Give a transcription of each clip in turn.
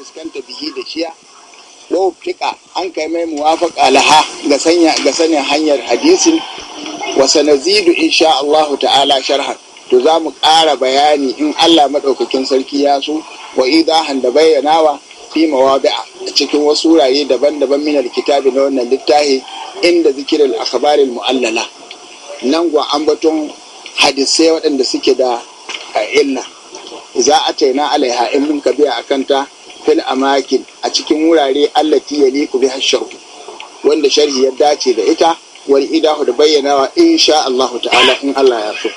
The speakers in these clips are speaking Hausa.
fuskanta bihi da shiya ɗaukika an kai mai muwafaƙa laha ga sanin hanyar hadisin wasa nazidu insha Allahu ta'ala sharhar. to za mu ƙara bayani in Allah maɗaukakin sarki ya so wa idahan da bayyanawa fi mawadi'a a cikin wasu raye daban-daban min alkitabi na wannan littafi inda zikirin akhbaril mu'allala nan gwa ambaton hadisai waɗanda suke da illa za a taina alaiha in mun ka biya a kanta fil amakin a cikin wurare allati yaliqu har sharhu wanda sharhi ya dace da ita wal idahu da bayyanawa insha Allah ta'ala in Allah ya so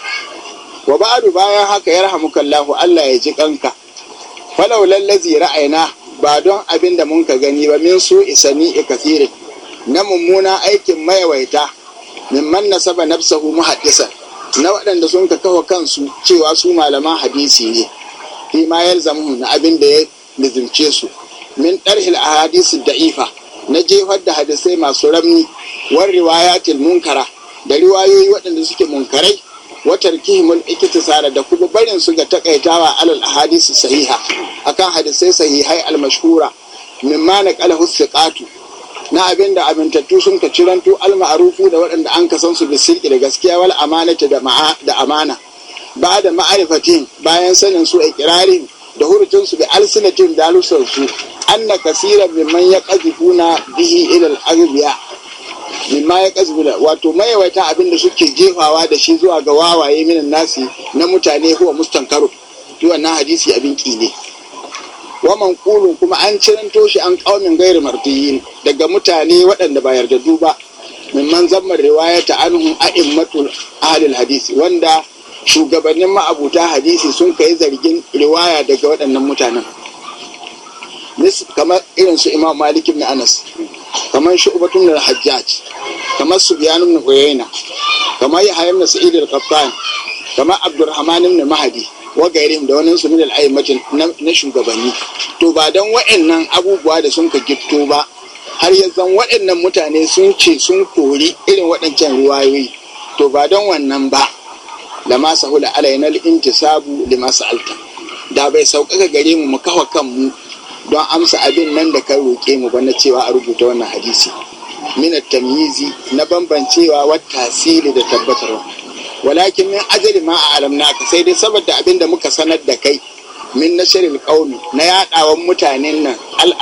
wa ba'du bayan haka yarhamuka Allah Allah ya ji kanka falau lallazi ra'ayna ba don abin da mun ka gani ba min su isani kathiri na mummuna aikin mayawaita mimman nasaba nafsahu muhaddisa na waɗanda sun ka kawo kansu cewa su malaman hadisi ne fi ma yalzamu na abin da ya lizimce su min ɗarhil ahadisu da'ifa na jefar da hadisai masu ramni war riwayatil munkara da riwayoyi waɗanda suke munkarai watar kihimul ikitisara da kuma barin su ga takaitawa alal ahadisu sahiha akan hadisai sahihai almashhura mimma naqalahu thiqatu na abin da amintattu sun ka ciranto alma'arufu da waɗanda an kasan su bisirki da gaskiya wal amanata da amana ba da ma'arifatin bayan sanin su ikirarin da hurcin su bi alsinatin da Annakasirar su anna kasira mimman ya qazifuna bihi ilal al mimma ya qazifuna wato mayawaita abin da suke jefawa da shi zuwa ga wawaye minan nasi na mutane huwa mustankaru shi wannan hadisi abin kine wa manqulun kuma an ciranto shi an qaumin gairi martiyin daga mutane waɗanda ba yarda ba mimman zamman riwayata anhum a'immatul ahlul hadisi wanda shugabannin ma'abuta hadisi sun kai zargin riwaya daga waɗannan mutanen kamar irin su imam malik ibn anas kamar shu'batun da hajjaj kamar subyan ibn uyayna kamar yahya ibn sa'id al-qattan kamar abdurrahman ibn mahdi wa da wani sunan na shugabanni to ba dan waɗannan abubuwa da sun ka gifto ba har yanzu waɗannan mutane sun ce sun kori irin waɗancan ruwayoyi to ba don wannan ba Da lama hula alainal intisabu lima sa'alta da bai sauƙaƙa gare mu mu kawa kanmu don amsa abin nan da kan roƙe mu ba na cewa a rubuta wannan hadisi min tamyizi na bambancewa wa tasiri da tabbatarwa walakin min ajali ma a alamnaka sai dai saboda abin da muka sanar da kai min shirin qaumi na yaɗawan mutanen nan al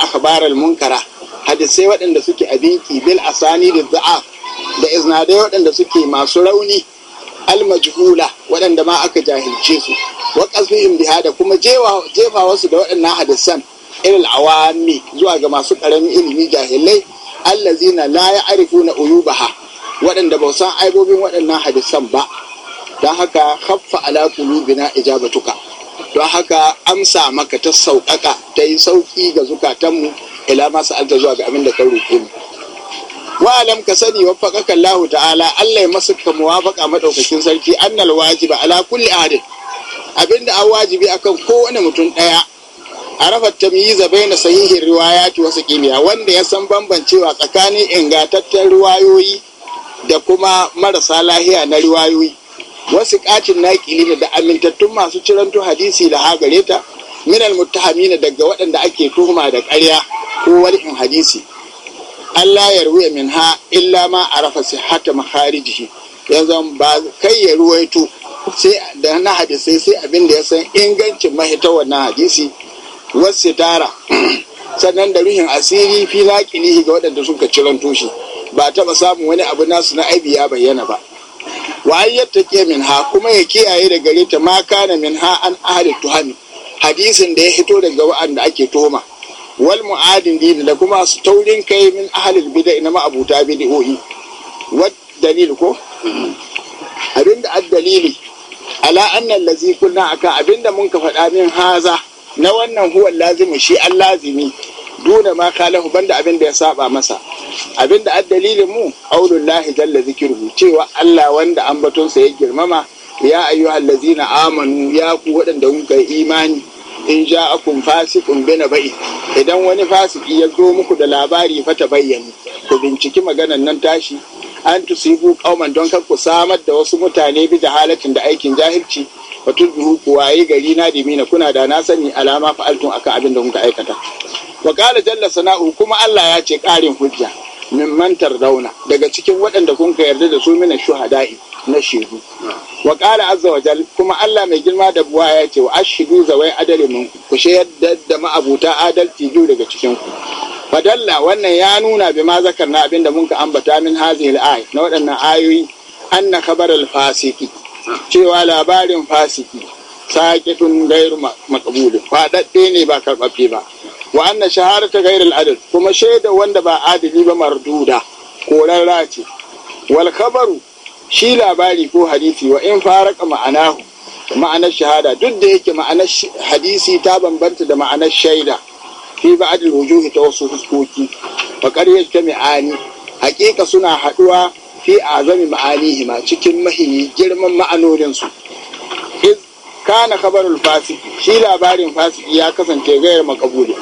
munkara hadisai waɗanda suke abinki bil asani da za'a, da iznadai waɗanda suke masu rauni almajhula waɗanda ma aka jahilce su wa qasbihim biha da kuma jefa wasu da waɗannan hadisan irin awami zuwa ga masu ƙaramin ilimi jahilai allazina la ya'rifuna uyubaha waɗanda ba san aibobin waɗannan hadisan ba don haka haffa ala qulubina ijabatuka don haka amsa maka ta sauƙaƙa ta yi sauƙi ga zukatanmu ila masu alta zuwa ga abin da ka roƙe mu Wa'alam ka sani waffaqaka Lahu ta'ala Allah ya masu ka muwafaqa maɗaukakin sarki annal wajiba ala kulli adin abinda an wajibi akan kowane mutum ɗaya. a rafa tamyiza baina sahihin riwayati wasu kimiya wanda ya san bambancewa tsakanin ingantattun riwayoyi da kuma marasa lahiya na riwayoyi wasu kacin naƙili da amintattun masu ciranto hadisi da hagareta minal muttahamina daga waɗanda ake tuhuma da ƙarya ko wani hadisi Allah ya ruwe min ha illa ma a rafa sihata Ya yanzu ba kai ya ruwaito sai da na hadisai sai abin da ya san ingancin mahita wannan hadisi wasu tara sannan da ruhin asiri fi naƙilihi ga waɗanda suka ciran toshi ba taɓa samun wani abu nasu na aibi ya bayyana ba wa yadda ke min ha kuma ya kiyaye da gare ta ma kana min ha an ahalittu hannu hadisin da ya hito daga wa'anda ake toma wal mu'adin da kuma su taurin kai min ahalil bid'a na ma'abuta bid'o'i wat dalil ko abinda ad dalili ala anna allazi kunna aka abinda mun ka faɗa min haza na wannan huwa lazimi shi an lazimi duna ma kalahu banda abinda ya saba masa abinda ad dalilin mu aulullahi jalla zikruhu cewa Allah wanda ambaton sa ya girmama ya ladina amanu ya ku waɗanda kai imani in ja akun fasikun bina bai idan wani fasiki ya zo muku da labari fa ta bayyana ku binciki maganan nan tashi an tusibu kauman don kar ku samar da wasu mutane bi da halatin da aikin jahilci batun tudhu ku waye gari na dimina kuna da na sani alama fa'altun akan abin da kuka aikata wa kala jalla sana'u kuma Allah ya ce karin hujja min mantar dauna daga cikin waɗanda kun ka yarda da su mina shuhada'i na shehu wa ƙara azza wa jal kuma Allah mai girma da buwa ya ce wa ashidu zawai adali min ku yadda da ma'abuta adalci biyu daga cikin ku fadalla wannan ya nuna bi ma na abinda mun ka ambata min hazihil ay na waɗannan ayoyi anna khabar al fasiki cewa labarin fasiki saqitun ghairu maqbulin fadadde ne ba karbabbe ba wa anna shaharata ghairu al adl kuma shaida wanda ba adali ba marduda korarra ce wal khabaru shi labari ko hadisi wa in faraka ma'anahu ma'anar shahada duk da yake ma'anar hadisi ta bambanta da ma'anar shaida fi ba'adil wujuhi ta wasu fuskoki fa ta jami'ani haƙiƙa suna haɗuwa fi azami ma'anihima cikin mahi girman ma'anoninsu iz kana kabarul fasiki shi labarin fasiki ya kasance gayar makabuli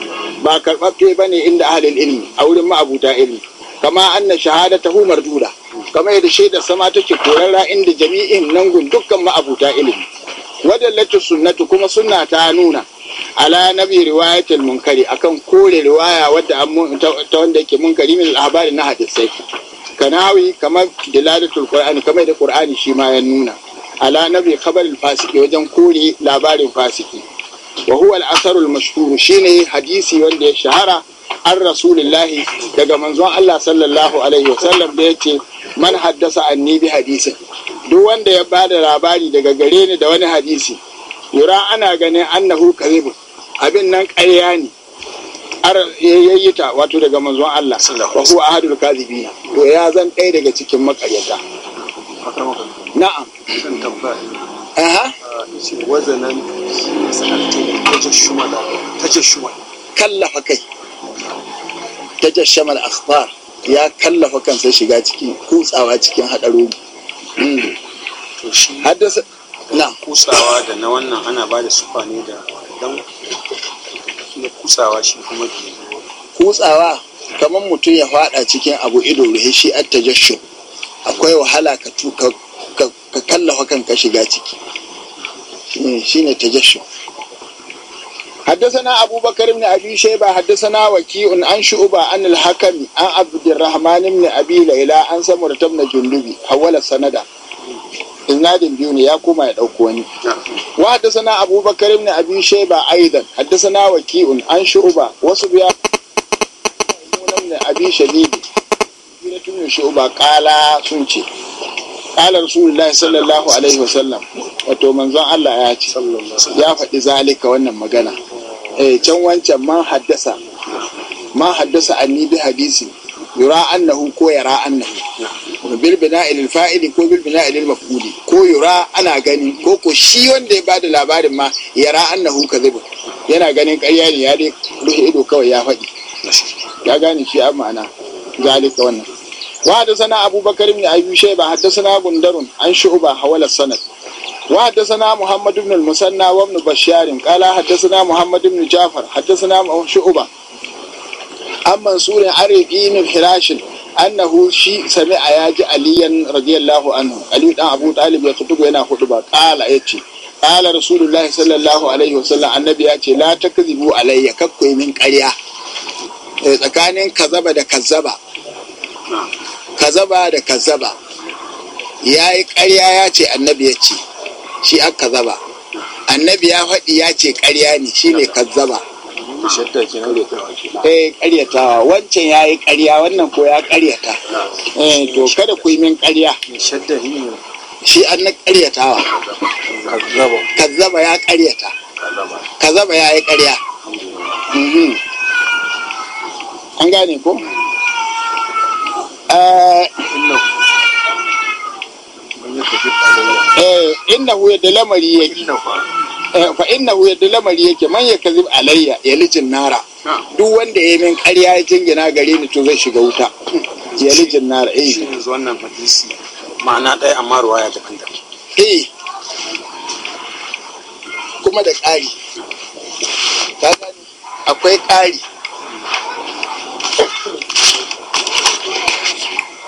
ba karɓaɓɓe ba ne inda ahalin ilmi a wurin ma'abuta ilmi kama anna humar marduda kamar yadda shaidar sama take korarra inda jami'in nan gun dukkan ma'abuta ilimi wadallatu sunnatu kuma sunna ta nuna ala nabi riwayatul munkari akan kore riwaya wadda ta wanda yake munkari min labarin na hadisai kanawi kamar dilalatul qur'ani kamar da qur'ani shi ma ya nuna ala nabi khabarul fasiki wajen kore labarin fasiki wa huwa al-asarul mashhur shine hadisi wanda ya shahara an rasulillahi daga manzon Allah sallallahu alaihi wasallam da yace man haddasa anni bi hadisi duk wanda ya bada labari daga gare ni da wani hadisi yura ana ganin annahu kadhib abin nan ƙarya ne ar yayyita wato daga manzon Allah wa huwa ahadul kadhibin to ya zan ɗaya daga cikin maƙaryata. na'am aha wazanan ta ce shuma da ta kallafa kai tajashamar akhbar ya kallafa kansa shiga cikin kutsawa cikin hadarori to haddasa na kutsawa da na wannan ana ba da sufa ne da dan na kutsawa shi kuma kutsawa kamar mutum ya fada cikin abu ido ruhe shi at tajashum akwai wahala ka ka kallafa kanka shiga ciki shi ne tajashum حدثنا أبو بكر بن أبي شيبة حدثنا وكيء عن شعبة عن الحكم عن عبد الرحمن بن أبي ليلى عن سمرة بن جندبي حول السند إسناد بيوني يا كوما يدوكوني وحدثنا أبو بكر بن أبي شيبة أيضا حدثنا وكيء عن شعبة وسبيان بن أبي شديد بن شعبة قال سنتي kala rasulullahi sallallahu alaihi wasallam wato manzon Allah ya ce ya faɗi zalika wannan magana Eh, can wancan man haddasa man haddasa anni bi hadisi yura annahu ko yara annahu bilbina bina'il fa'ili ko bilbina bina'il maf'uli ko yura ana gani ko ko shi wanda ya bada labarin ma yara annahu kadhibu yana ganin karya ne ya dai rufe ido kawai ya faɗi ya gane shi a ma'ana zalika wannan wa haddasa na abubakar ibn ba haddasa haddathana gundarun an shu'ba hawala sanad wa haddasana muhammadu ibn al-musanna wa ibn bashar muhammadu jafar haddasana shu'ba an mansur al-arabi min hirash annahu shi sami'a yaji aliyan radiyallahu anhu ali dan abu talib ya kutubu yana hutuba qala yace qala rasulullahi sallallahu alaihi wasallam annabi yace la takdhibu alayya kakkoi min qarya eh, tsakanin kazaba da kazaba kazaba da kazaba yayi qarya yace annabi yace shi aka zaba annabi ya faɗi ya ce ƙarya ne shi ne kazzaba eh ƙaryatawa wancan ya yi ƙarya wannan ko ya ƙaryata eh to kada ku yi min ƙarya shi an na ƙaryatawa kazzaba ya ƙaryata kazzaba ya yi ƙarya mhm. an gane ko eh, eh innahu yadda lamari yake eh, fa innahu yadda lamari yake man alayya nara duk wanda ya min ƙarya ya jingina gare ni to zai shiga wuta lijin nara eh yanzu wannan hadisi ma'ana ɗaya amma ruwaya eh kuma da ƙari akwai ƙari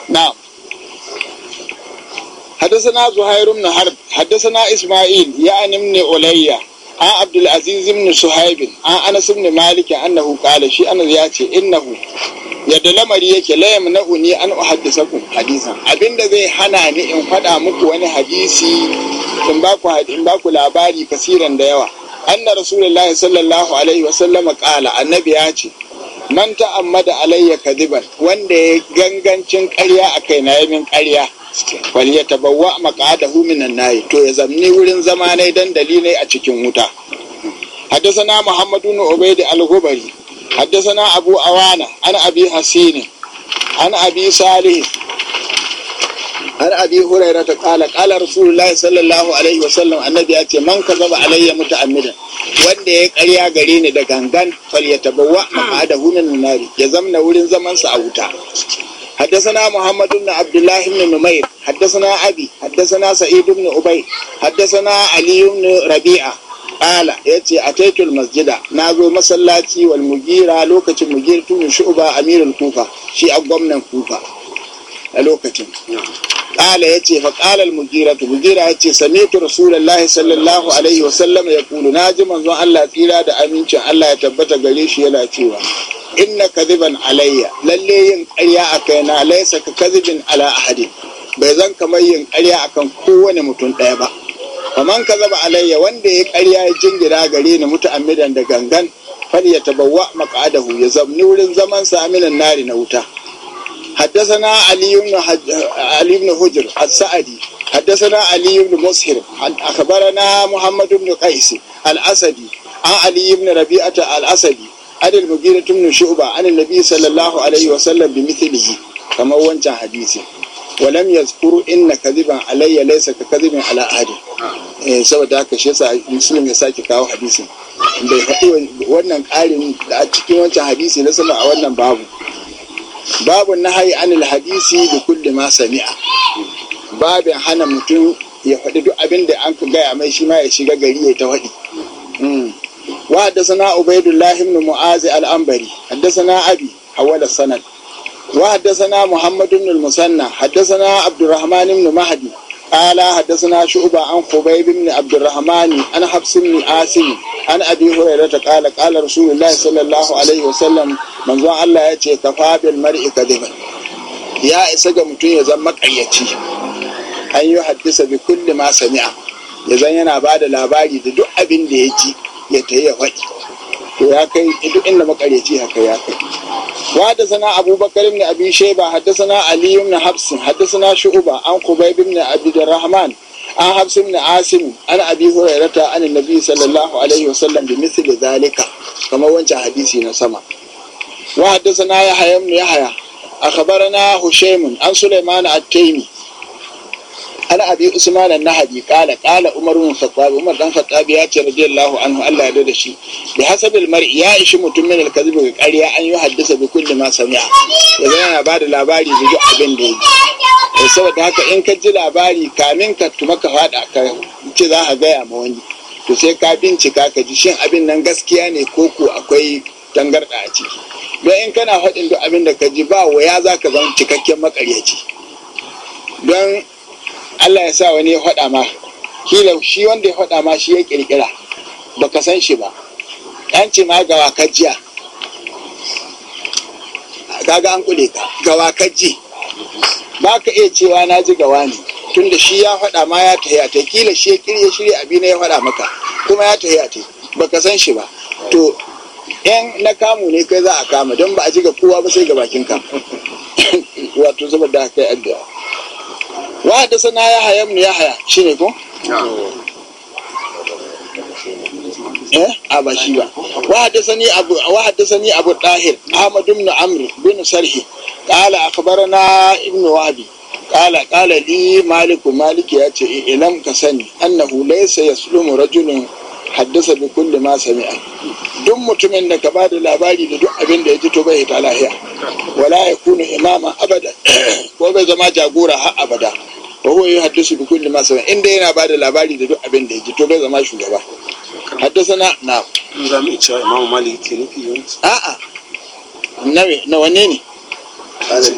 na'am حدثنا زهير بن حرب حدثنا إسماعيل يعني ابن أولية عن عبد العزيز بن صهيب عن أنس بن مالك أنه قال شيء أنا ياتي إنه yadda lamari yake layam na uni an uhaddisa hadisan abinda zai hana ni in faɗa muku wani hadisi in ba ku in labari kasiran da yawa anna rasulullahi sallallahu alaihi wa sallama qala annabi ya ce man ta'ammada alayya kadiban wanda ya gangancin ƙarya a kaina yamin ƙarya falle ta bawa maka'adahu na yi, to ya zamni wurin zama na yi dandali ne a cikin wuta Haddasa na muhammadu nu ubaidi al Haddasa na abu a awana an abi hasini an abi salih har abi na ta kala kala rasulullahi sallallahu alaihi Wasallam, sallam annabi ya ce man kazaba alayya muta'ammidan wanda ya karya gare ni da gangan fal ya falyatabawa ma'adahu na yi, ya zamna wurin zamansa a wuta حدثنا محمد بن عبد الله بن نمير حدثنا أبي حدثنا سعيد بن أبي حدثنا علي بن ربيعة قال يأتي أتيت المسجد نازو مسلاتي والمجيرة لوكة مجيرة من شعبة أمير الكوفة شيء أقوم الكوفة لوكة قال يأتي فقال المجيرة مجيرة يأتي سمعت رسول الله صلى الله عليه وسلم يقول ناجم أنزو الله تيرا دا أمين الله يتبت قليش يلا تيوا inna kaziban alayya lalle yin ƙarya a kaina laisa ka kadibin ala ahadi bai zan kamar yin ƙarya akan kowane mutum ɗaya ba ka zaba alayya wanda ya ƙarya ya jingira gare ni midan da gangan fal ya tabawwa maq'adahu ya zamni wurin zaman sa nari na wuta حدثنا علي بن علي بن حجر السعدي حدثنا علي a مسهر اخبرنا محمد بن قيس الاسدي عن علي بن ربيعه adal المغيرة tun شعبة عن النبي sallallahu الله عليه وسلم بمثله kamar wancan hadisi walam yazkuru inna kadhiban alayya laysa ka kadhibin ala ahadi eh saboda haka shi yasa muslim ya sake kawo hadisin bai wannan ƙarin da a cikin wancan hadisi na sama a wannan babu babu nahayi anil hadisi da kulli ma sami'a hana mutum ya faɗi duk abin da an gaya mai shi ya shiga gari ya ta faɗi hmm. Wa haddasa na UbaidulLahimu Mu'azi Al'ambari. Haddasa na abiHawwaleh sanad. Wa haddasa na Muhammadu Naum Sanna. Haddasa na Abdurrahman Nu Mahdi. Ala haddasa na Shu'uba an fubai bimni Abdurrahmanu. An hafsin ni Asimi. Ana biyo yadda Allah yace 'Ka faben da ba'i' Ya isa ga mutum ya zama maƙayaci. An yi sami'a. Ya zanyena ba da labari da duk abin da ya ji. ya ta ya faɗi to ya kai duk inda makareci haka ya kai wa da sana abubakar ibn abi shayba haddathana ali ibn habs na shu'ba an khubayb ibn Rahman, an habs ibn asim an abi hurairata an annabi sallallahu alaihi wasallam bi misli zalika, kamar wancan hadisi na sama wa haddathana yahya ibn yahya akhbarana hushaym an sulaiman at-taymi ana abi usman an-nahabi qala qala umar bin khattab umar dan khattab ya ce radiyallahu anhu Allah ya da shi bi hasabil mar'i ya ishi mutum min al-kadhib ga ƙarya an yi haddasa bi kulli ma sami'a yanzu yana bada labari da duk abin da yake eh, saboda haka in ka ji labari kamin ka tuma ka fada ka ce za a gaya ma wani to sai ka bincika ka ji shin abin nan gaskiya ne ko ko akwai tangarda a ciki don in kana faɗin duk abin da ka ji ba waya za ka zama cikakken makaryaci don Allah ya sa wani ya faɗa ma kila shi wanda ya faɗa ma shi ya kirkira ka san shi ba an ce ma gawa kajiya gaga an kule ka gawa kaji ba ka iya cewa na ji gawa ne tunda shi ya faɗa ma ya tahiya ta kila shi ya kirya shirya abi na ya faɗa maka kuma ya tahiya ta ka san shi ba to yan na kamu ne kai za a kama don ba a ji ga kowa ba sai ga bakin ka wato da haka yi addu'a wa haddasana ya haya ibn ya haya shi ne ko eh a ba shi ba wa haddasani abu wa haddasani abu dahir ahmad ibn amr bin sarhi qala akhbarana ibn wahbi qala qala li malik malik ya ce ilam eh, ka sani annahu laysa yaslumu rajulun haddasa bi kulli ma sami'a duk mutumin da ka bada labari da duk abin da ya ji to bai ta lahiya wala ya kunu imama abada ko bai zama jagora har abada wa huwa yuhaddisu bi kulli ma sami'a inda yana bada labari da duk abin da ya ji to bai zama shugaba haddasana na za mu ce imamu malik ke nufi yawanci a'a nawe na wanne ne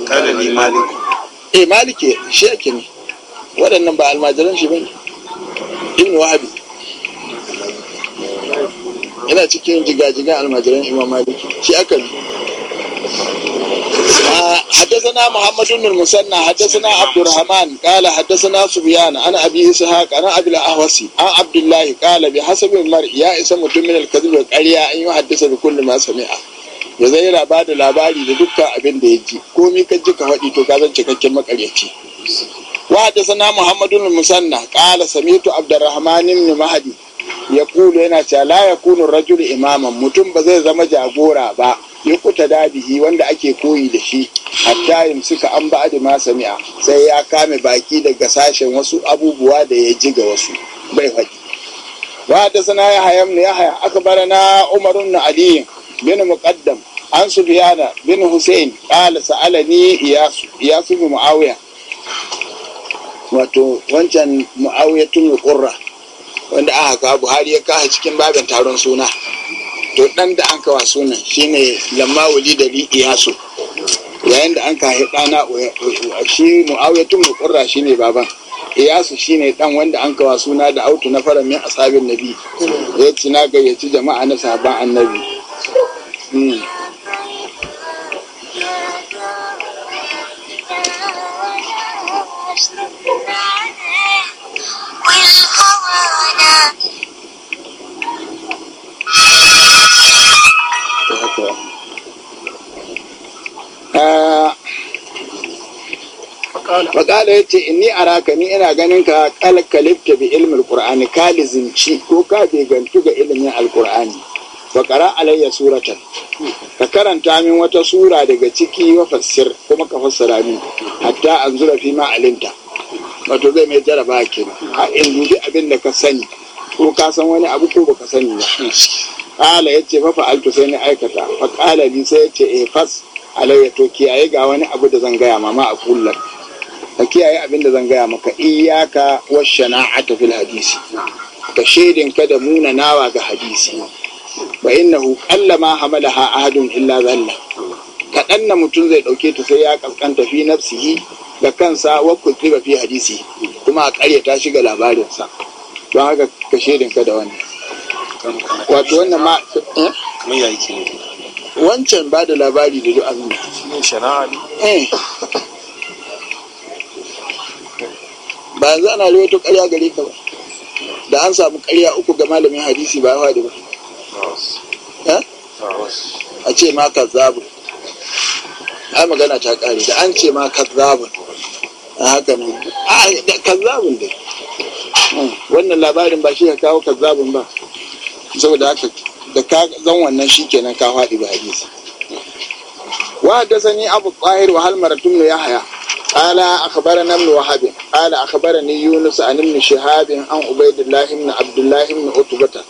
kada ni malik eh malike shi yake ne waɗannan ba almajiran shi bane ibn wahab yana cikin jigajigan almajiran imam maliki shi aka bi حدثنا محمد بن المثنى حدثنا عبد الرحمن قال حدثنا سفيان انا ابي اسحاق انا ابي الاهوسي عن عبد الله قال بحسب المرء يا اسم من الكذب والقرية ان يحدث بكل ما سمع ya zai raba da labari da كومي abinda ya ji komi ka ji ka faɗi to ka zan cikakken makaryaci wa da sana samitu ya kulu yana cewa la ya kunu rajul imaman mutum ba zai zama jagora ba ya kuta dadihi wanda ake koyi da shi hatta yin suka an ba da sami'a sai ya kame baki daga sashen wasu abubuwa da ya ji ga wasu bai faɗi وحدثنا يحيى بن يحيى اخبرنا عمر bin علي بن مقدم bin سفيان بن حسين قال سالني اياس iyasu بن mu'awiya wato wancan mu'awiyatul qurra wanda aka kawo buhari ya kawo cikin babin taron suna to dan da an kawo sunan shine lamma wuli da iyasu yayin da an kawo ɗana shi mu'awiyatun mukurra shine baban iyasu shine dan wanda an kawo suna da autu na fara min asabin nabi ya ci na gayyaci jama'a na sabon annabi hmm. anhu faqala yace inni araka ni ina ganin ka kalkalifta bi ilmi alqur'ani kalizinci ko ka gantu ga ilimin alkur'ani. fa qara alayya suratan ka karanta min wata sura daga ciki wa fassir kuma ka fassara min hatta zura fi ma wato zai mai jaraba kenan a in dubi abin da ka sani ko ka san wani abu ko ka sani ba kala yace fa fa'altu sai ni aikata fa bi sai yace e fas alayya to kiyaye ga wani abu da zan gaya mama a kullar ka kiyaye abin da zan gaya maka iyaka wa shana'ata fil hadisi ka shaidin ka da munanawa ga hadisi ba innahu qalla ma hamalaha ahadun illa zalla kaɗan na mutum zai ɗauke ta sai ya kaskanta fi nafsihi ga kansa wa kutriba fi hadisi kuma a ƙaryata shi ga labarinsa don haka ka shaidin ka da wannan wato wannan ma eh? wancan ba da labari da du'a eh ba yanzu ana rawaito karya gare ka ba da an samu karya uku ga malamin hadisi ba ya da ba eh? a ce ma kazzabun ai magana ta kare, da an ce ma kazzabun a haka ne a kazzabun dai hmm. wannan labarin ba shi ka kawo kazzabun ba saboda haka da ka zan wannan shi ka faɗi ba hadisi wa da sani abu ƙahir wa halmar tun ya haya قال أخبرنا ابن وهب قال أخبرني يونس عن ابن شهاب عن عبيد الله بن عبد الله بن عتبة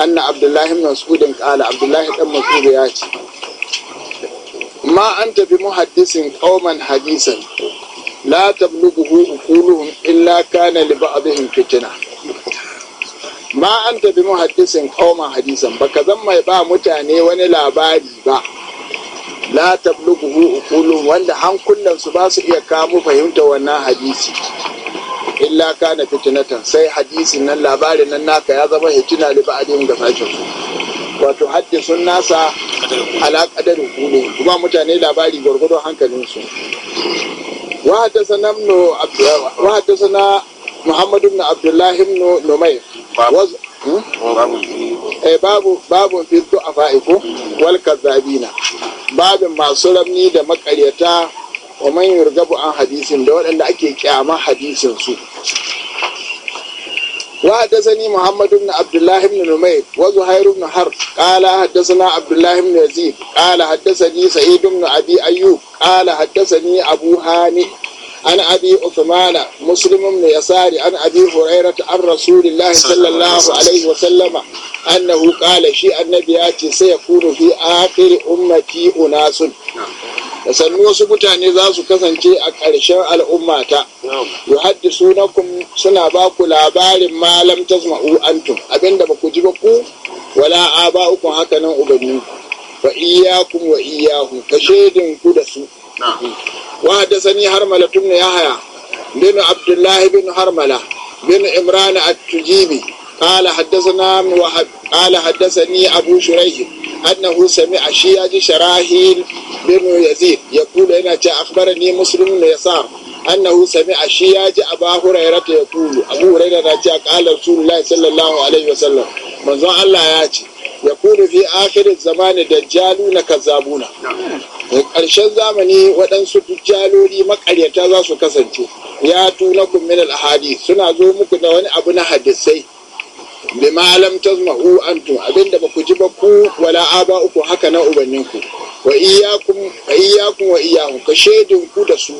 أن عبد الله بن مسعود قال عبد الله بن مسعود ياتي ما أنت بمحدث قوما حديثا لا تبلغه أقولهم إلا كان لبعضهم فتنة ما أنت بمحدث قوما حديثا بكذا ما يبقى متعني وني لاباري بقى la tablughu uqulun wanda hankunan su ba su iya kamo fahimta wannan hadisi illa kana fitnatan sai hadisin nan labarin nan naka ya zama hitina li ba'din da fashin su wato haddisun nasa ala qadar uqulun kuma mutane labari gwargwadon hankalin su wa haddathana ibn wa haddathana muhammad ibn abdullah ibn numayr hmm? eh, babu babu fi du'afa iku wal kazzabina babin masu rabni da makaryata wa man yurgabu an hadisin da waɗanda ake kyama hadisin su haddasa ni Muhammadu na Abdullahi ibn numayr wa zuhair ibn har na Abdullahi abdullah ibn yazid qala haddasani sa'idun ibn abi ayyub qala haddasani abu hani an abi uthmana muslimun ya yasari an abi ta an rasulillahi sallallahu alaihi wa sallama annahu qala shi annabi ya ce sai yakunu fi akhir ummati unasun da sannu wasu mutane za su kasance a ƙarshen al'ummata yu haddi sunakum suna ba ku labarin malam tasma'u antum abinda ba ku ji ba ku wala aba ukun haka nan ubanni wa iyakum wa iyahu ka shaidin ku da su وحدثني هرملة بن يحيى بن عبد الله بن هرملة بن عمران التجيبي قال حدثنا وحد قال حدثني أبو شريح أنه سمع شياج شراهيل بن يزيد يقول هنا أخبرني مسلم بن يسار أنه سمع شياج أبا هريرة يقول أبو هريرة قال رسول الله صلى الله عليه وسلم من الله ياتي يقول في آخر الزمان دجالون كذابون da ƙarshen zamani waɗansu tujjaloli makaryata za su kasance ya tuna min al suna zo muku da wani abu na hadisai bi malam tazma'u antum abinda ba ku ji ba ku wala aba uku haka na ubanninku wa iyyakum wa iyyakum wa iyyahum ka shaidin ku da su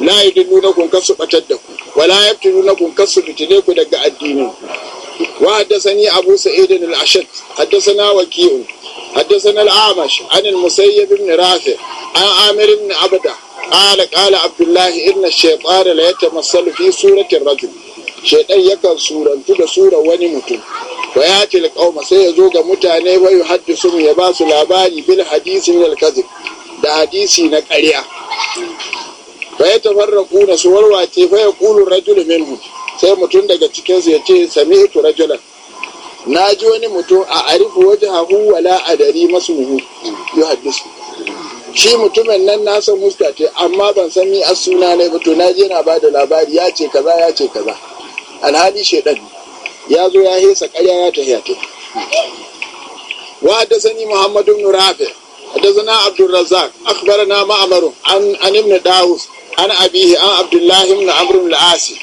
la kun kasu batar da ku wala kun kasu bitine ku daga addinin wa ni abu sa'id al-ashad haddathana waqi'u حدثنا الأعمش عن musayyabin بن رافع عن عامر بن عبده قال قال عبد الله إن الشيطان لا يتمثل في سورة الرجل yakan surantu da sura wani mutum ba ya tilkauma sai ya zo ga mutane wa yuhaddisu ya ba su labari bil hadisin min da hadisi na karya. fa ya tafarraqu na su warwace fa yaqulu rajul minhum sai mutum daga cikin su ya ce sami'tu rajulan na ji wani mutum a arifu wajen hahu wala dari masu muhu yi haddisu shi mutumin nan na san musta ce amma ban san ni as suna ne ba to na je na ba da labari ya ce kaza ya ce kaza alhali shedan ya zo ya hesa karya ya tafiya ta wa haddasani Muhammadu ibn rafi haddasana abdul akhbarana na an an ibn daus an abihi an abdullahi ibn amr al-asi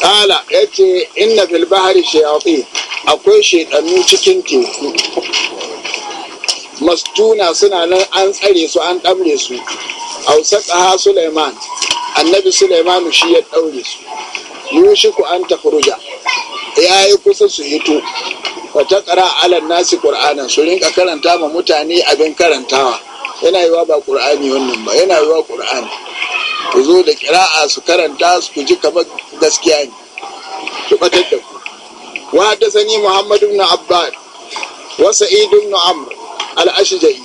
ƙala ya ce inna fil bahari shayatin akwai shaidannu cikin teku mastuna suna nan an tsare su an ɗamre su A ha Suleiman annabi Suleiman shi ya ɗaure su ku an tafruja ya yi kusa su hito wata ƙara alan nasi ƙur'anin su rinka karanta ma mutane abin karantawa yana yiwa ba ƙur'ani wannan ba yana wa ƙur'ani ku zo da ƙira'a su karanta su ku ji kamar gaskiya ne ki batar da ku wa sani muhammadu ibn abbad wa sa'id ibn amr al-ashja'i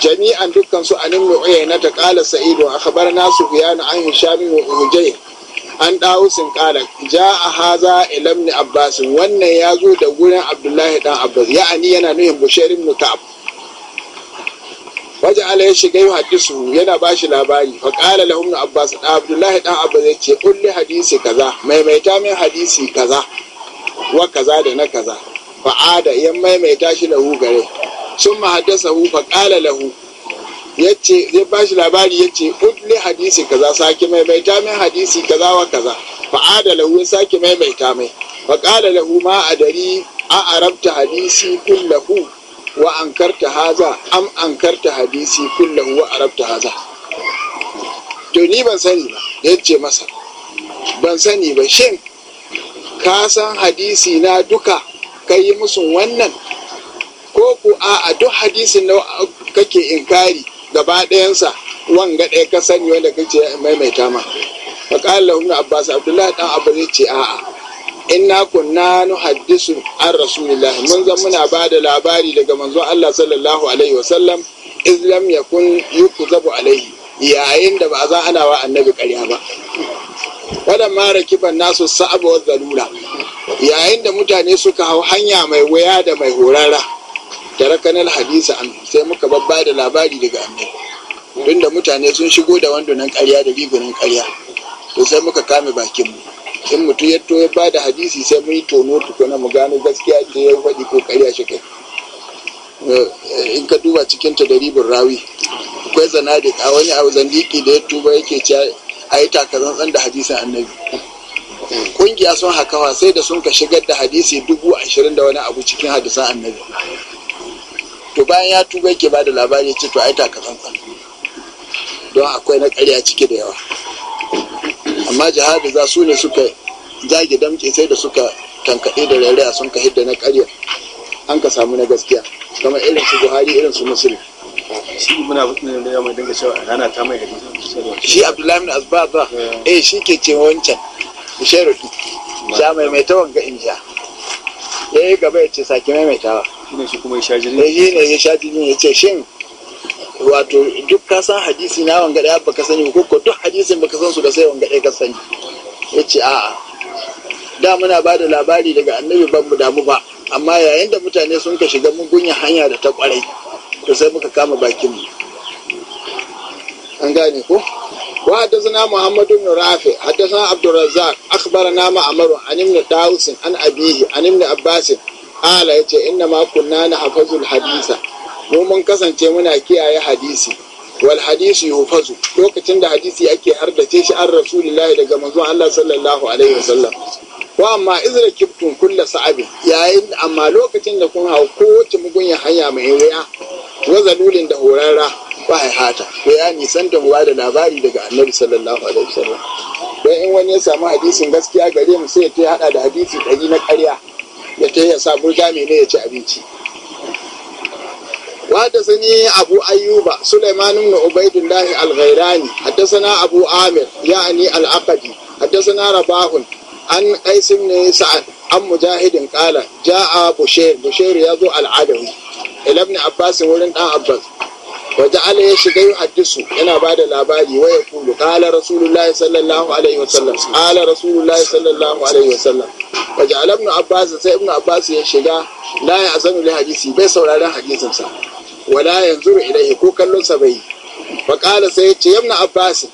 jami'an dukkan su anin na ta qala sa'id nasu akhbarna sufyan an hisham wa ujay an dawusin qala ja'a haza ilamni abbasin abbas wannan yazo da gurin abdullahi dan abbas ya'ani yana nuhin bushair mutab waje ala ya shiga yin haƙisu yana ba shi labari fa ƙala lahum na abbas da abdullahi ɗan abbas ya ce kulli hadisi kaza maimaita mai hadisi kaza wa kaza da na kaza da ya maimaita shi lahu gare sun ma haddasa hu fa lahu ya ce zai ba shi labari ya ce kulli hadisi kaza sake maimaita mai hadisi kaza wa kaza da lahu ya sake maimaita mai fa ƙala lahu ma dari a arabta hadisi kullahu wa ankarta haza am ankarta hadisi kullahu wa arabta haza to ni ban sani ba yace masa ban sani ba shin ka san hadisi na duka ka yi musu wannan ko ku a duk hadisin da kake inkari gaba ɗayansa wanga ɗaya ka sani wanda kake maimaita ma faƙalar ibn abbas abdullah dan abu ce a'a In na kunna nuhaddisu an rasulillah mun zan muna ba da labari daga manzo Allah sallallahu alaihi wasallam islam ya kun yukuzabu alaihi yayin da ba za ana wa annabi ƙarya ba wadan ma rakiban nasu sa'ab wa zalula yayin da mutane suka hau hanya mai waya da mai horara tarakanal hadisa an sai muka babba da labari daga annabi tunda mutane sun shigo da wandunan ƙarya da rigunan ƙarya to sai muka kame bakinmu in mutum ya to ya ba da hadisi sai mun yi tono tukuna mu gano gaskiya ce ya faɗi ko ƙarya shi kai eh, in ka duba cikin ta da rawi akwai zanadik a wani abu zandiki da ya tuba yake ce a yi takarar da hadisin annabi kungiya eh, sun hakawa sai da sun ka shigar da hadisi dubu ashirin da wani abu cikin hadisan annabi to bayan ya tuba yake ba da labari ce to a yi takazantsan don akwai na karya ciki da yawa amma jihadi za su ne suka jage damke sai da suka tankaɗe da rairaya sun ka hidda na ƙarya an ka samu na gaskiya kamar irin su buhari irin su musulun shi muna da mai dinga cewa rana ta mai hadisi shi abdullahi bin eh shi ke ce wancan bisharu sha mai mai tawon ga injiya ya eh, yi gaba ya ce sake maimaitawa shi ne shi kuma ya sha jini eh, ne ya sha jini ya ce shin wato duk ka san hadisi na wanga ba ka sani ko duk hadisin baka san su da sai wanga daya ka sani ce a'a da muna ba da labari daga annabi ban mu damu ba amma yayin da mutane sun ka shiga mun mugunya hanya da ta kwarai to sai muka kama bakin an gane ko Muhammadu محمد بن رافع حدثنا عبد الرزاق اخبرنا معمر عن ابن داوس عن ابيه عن ابن عباس ma انما كنا نحفظ الحديث mu mun kasance muna kiyaye hadisi wal hadisi yufazu lokacin da hadisi ake hardace shi an rasulullahi daga manzo Allah sallallahu alaihi wasallam wa amma izra kibtun kullu sa'abi yayin amma lokacin da kun hau kowace mugunya hanya mai wuya wazalulin da horara, ba hata bayani san da huwa da labari daga annabi sallallahu alaihi wasallam dan in wani ya samu hadisin gaskiya gare mu sai ya hada da hadisi ɗari na ƙarya ya ta ya sa burga ne ya ci abinci wata sani abu ayyuba sulaimanin na ubaidun lahi alghairani hadda sana abu amir ya ani al'akadi hadda sana rabahun an aisi ne sa'ad an mujahidin kala ja a bushir bushir ya zo al'adari ilab ne abbasin wurin dan abbas waje ala ya shiga yin addisu yana ba da labari waya kulu kala rasulullahi sallallahu kala rasulullahi sallallahu waje alab ne abbasin sai ibn abbasin ya shiga na ya zanu lai hadisi bai sauraren hadisinsa wala yanzu ilaihi ko kallon sa bai faƙala sai ya ce yamna abbas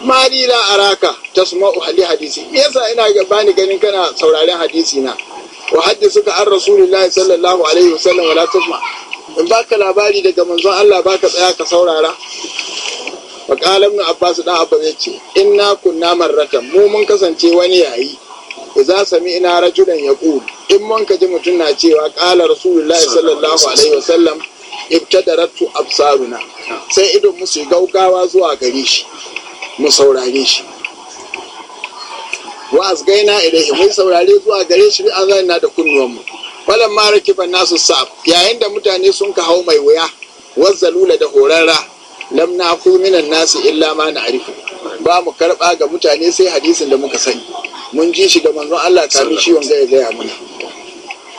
ma ni la araka tasma'u hali hadisi yasa ina ga bani ganin kana sauraren hadisi na wa suka an rasulullahi sallallahu alaihi wasallam wala tasma in baka labari daga manzon Allah baka tsaya ka saurara faƙala ibn abbas dan abba zai ce inna kunna marratan mu mun kasance wani yayi idza sami'na rajulan yaqul in mun ka ji mutum na cewa qala rasulullahi sallallahu alaihi wasallam ibtadaratu absaruna sai idon mu gaugawa zuwa gare shi mu saurare shi wa asgaina ilaihi mun saurare zuwa gare shi azan na da mu falan ma rakiban nasu sa'ab yayin da mutane sun ka hau mai wuya wazzalula da horara. lam na minan nasu illa ma na arifu ba mu karba ga mutane sai hadisin da muka sani mun ji shi ga manzon Allah kafin shi wanda ya gaya mana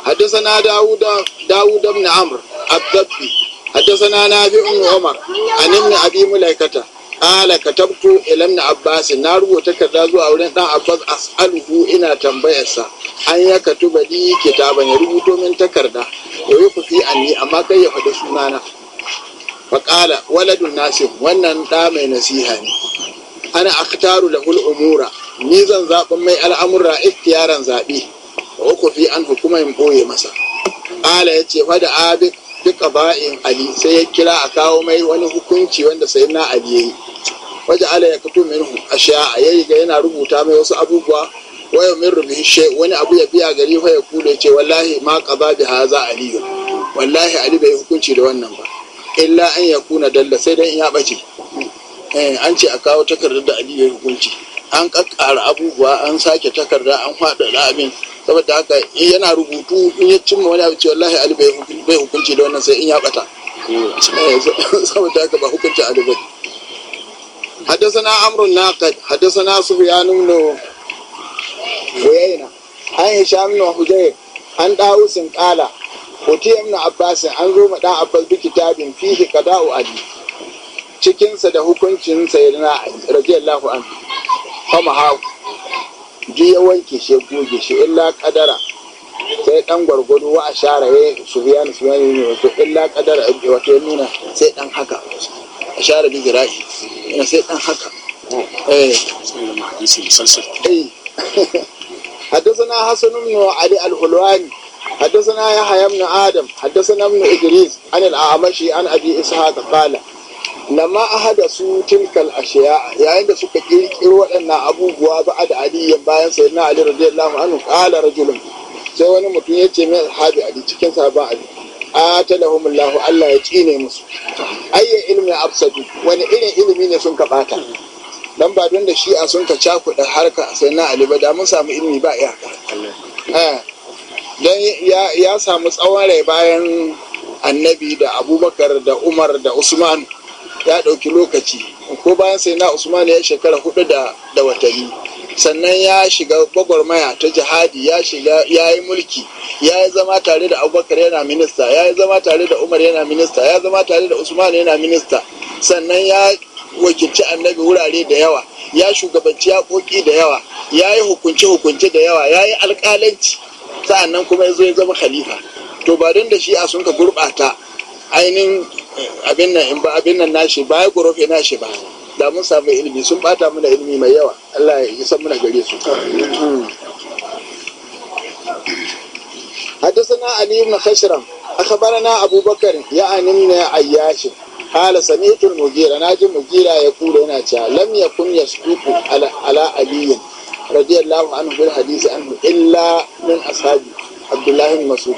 حدثنا داود داود بن عمرو الضبي حدثنا نافع عمر عن ابن ابي ملائكه قال كتبت الى ابن عباس نارو تكذا زو اورن دان عباس اساله ina tambayarsa an ya katuba li kitaban ya rubuto min takarda ya yi kufi amma kai ya faɗi sunana faƙala waladun nasir wannan ɗa mai nasiha ne ana akhtaru da umura ni zan zaɓin mai al'amura ikhtiyaran zaɓe fi an kuma in boye masa ala ya ce fa da duka ba'in ali sai ya kira a kawo mai wani hukunci wanda sai na ali yi waje ala ya a sha a yayi ga yana rubuta mai wasu abubuwa waya min rubi she wani abu ya biya gari fa ya kule ce wallahi ma qada bi haza ali wallahi ali bai hukunci da wannan ba illa an ya kuna dalla sai dai in ya bace eh an ce a kawo takardar da ali ya hukunci an kakkara abubuwa an sake takarda an da abin saboda haka eh, yana rubutu in ya cimma wani abu cewa lahi ali bai hukunci da wannan sai in ya bata eh, saboda haka ba hukunci ali ba haddasa amrun na kad, haddasa na su ya nuna wayayina an yi sha nuna hujjai an dawo sin kala hoti ya nuna abbasin an zo ma dan abbas duk kitabin fihi kada'u ali cikinsa da hukuncinsa ya na rajiyar lahu an kama hau duk ya wanke shi goge shi illa kadara sai dan gwargwado wa ashara ya su biya ni su biya ne wato illa kadara wato ya nuna sai dan haka ashara bi zira'i ina sai dan haka eh حدثنا حسن بن علي الحلواني حدثنا يحيى بن ادم حدثنا ابن ادريس عن الاعمشي عن ابي اسحاق قال lamma ahada su tilkal ashiya yayin da suka kirkiro waɗannan abubuwa ba da aliyan bayan sayyidina ali radiyallahu anhu qala rajulun sai wani mutum ya ce mai sahabi ali cikin sahaban ali atalahum allah allah ya tsine musu ayya ilimin absadu wani irin ilimi ne sun kabata dan ba don da shi'a sun ka cakuɗa harka sayyidina ali ba da mun samu ilimi ba iyaka eh, dan ya samu tsawon rai bayan annabi da abubakar da umar da usman ya ɗauki lokaci ko bayan sai na usman ya shekara hudu da watanni sannan ya shiga gwagwarmaya ta jihadi ya shiga ya yi mulki ya yi zama tare da abubakar yana minista ya yi zama tare da umar yana minista ya zama tare da usman yana minista sannan ya wakilci annabi wurare da yawa ya shugabanci yaƙoƙi da yawa ya yi hukunce-hukunce da yawa ya yi alƙalanci sa'annan kuma ya zo ya zama khalifa to ba don da shi a sun ka gurɓata ainihin abin nan nashi ba ya goro fiye nashi ba da mun samu ilimi sun bata mana ilimi mai yawa Allah ya yi muna gare su hmm. hada suna na kashiram a kabar na abubakar ya anin na hala sami hitar mugira na ji mugira ya kuro yana cewa lamya kun ya su kuku ala aliyin radiyar lahun an hudu hadisi an abdullahi masu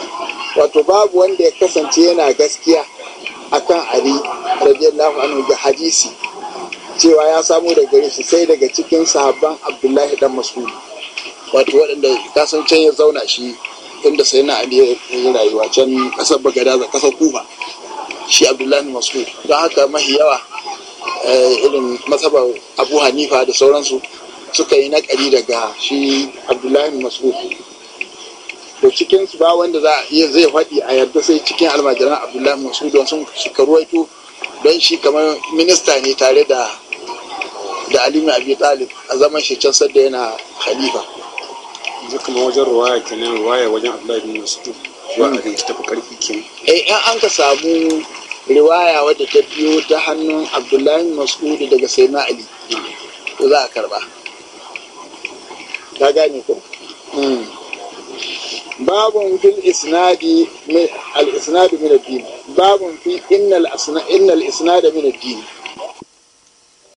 wato babu wanda ya kasance yana gaskiya akan ali radiyallahu anhu ga hadisi cewa ya samu da gare shi sai daga cikin sahabban abdullahi dan mas'ud wato waɗanda kasan can ya zauna shi inda sai na ali ya rayuwa can kasar bagada da kasar kufa shi abdullahi mas'ud don haka mahi yawa eh, irin masabar abu hanifa da sauransu suka yi nakari daga shi abdullahi mas'ud to cikin su ba wanda za iya zai faɗi a yarda sai cikin almajiran abdullahi masu don sun suka ruwaito don shi kamar minista ne tare da da alimin abi talib a zaman shi can sadda yana khalifa zai kuma wajen ruwaya kenan ruwaya wajen abdullahi bin masud zuwa hmm. a ta tafi karfi kenan eh in an ka samu riwaya wadda ta biyo ta hannun abdullahi mas'ud daga sai na ali ko hmm. za a karba ta gane ko hmm. babun fil isnadi al min ad-din babun fi innal asna innal min ad-din